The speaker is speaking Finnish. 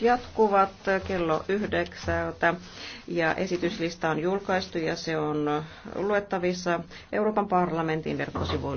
jatkuvat kello yhdeksältä ja esityslista on julkaistu ja se on luettavissa Euroopan parlamentin verkkosivuilla.